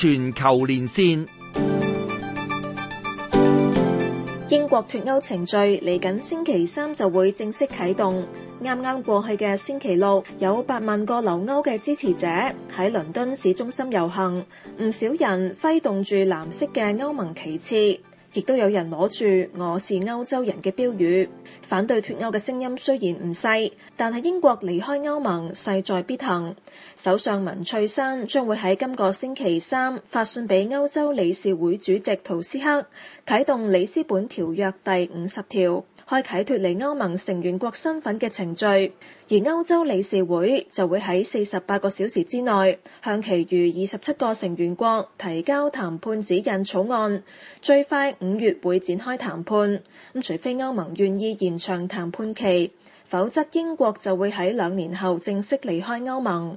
全球連線，英國脫歐程序嚟緊星期三就會正式啟動。啱啱過去嘅星期六，有八萬個留歐嘅支持者喺倫敦市中心遊行，唔少人揮動住藍色嘅歐盟旗幟。亦都有人攞住我是歐洲人嘅標語，反對脱歐嘅聲音雖然唔細，但係英國離開歐盟勢在必行。首相文翠珊將會喺今個星期三發信俾歐洲理事會主席圖斯克，啟動里斯本條約第五十條。開啓脱離歐盟成員國身份嘅程序，而歐洲理事會就會喺四十八個小時之內向其餘二十七個成員國提交談判指引草案，最快五月會展開談判。咁除非歐盟願意延長談判期，否則英國就會喺兩年後正式離開歐盟。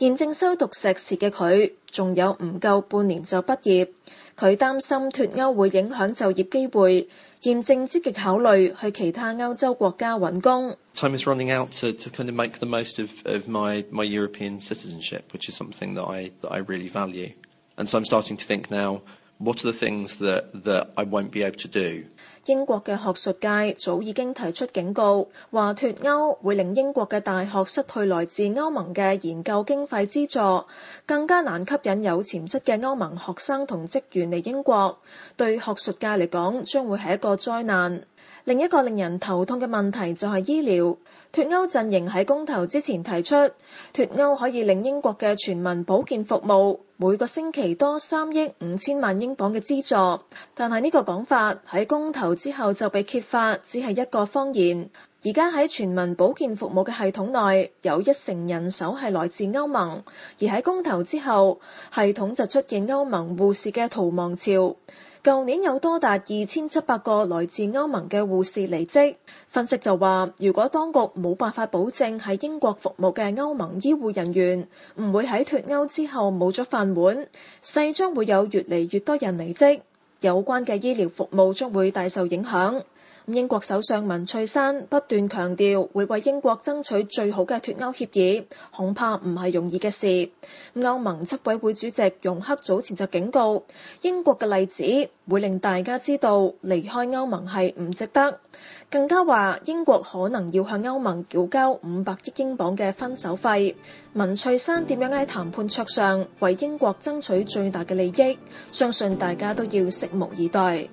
現正修讀碩士嘅佢，仲有唔夠半年就畢業，佢擔心脫歐會影響就業機會，現正積極考慮去其他歐洲國家揾工。英國嘅學術界早已經提出警告，話脫歐會令英國嘅大學失去來自歐盟嘅研究經費資助，更加難吸引有潛質嘅歐盟學生同職員嚟英國。對學術界嚟講，將會係一個災難。另一個令人頭痛嘅問題就係醫療。脫歐陣營喺公投之前提出，脫歐可以令英國嘅全民保健服務每個星期多三億五千萬英鎊嘅資助，但係呢個講法喺公投。之後就被揭發只係一個謊言。而家喺全民保健服務嘅系統內，有一成人手係來自歐盟。而喺公投之後，系統就出現歐盟護士嘅逃亡潮。舊年有多達二千七百個來自歐盟嘅護士離職。分析就話，如果當局冇辦法保證喺英國服務嘅歐盟醫護人員唔會喺脱歐之後冇咗飯碗，勢將會有越嚟越多人離職。有關嘅醫療服務將會大受影響。英國首相文翠珊不斷強調會為英國爭取最好嘅脱歐協議，恐怕唔係容易嘅事。歐盟執委會主席容克早前就警告，英國嘅例子會令大家知道離開歐盟係唔值得。更加話英國可能要向歐盟繳交五百億英鎊嘅分手費。文翠珊點樣喺談判桌上為英國爭取最大嘅利益？相信大家都要拭目以待。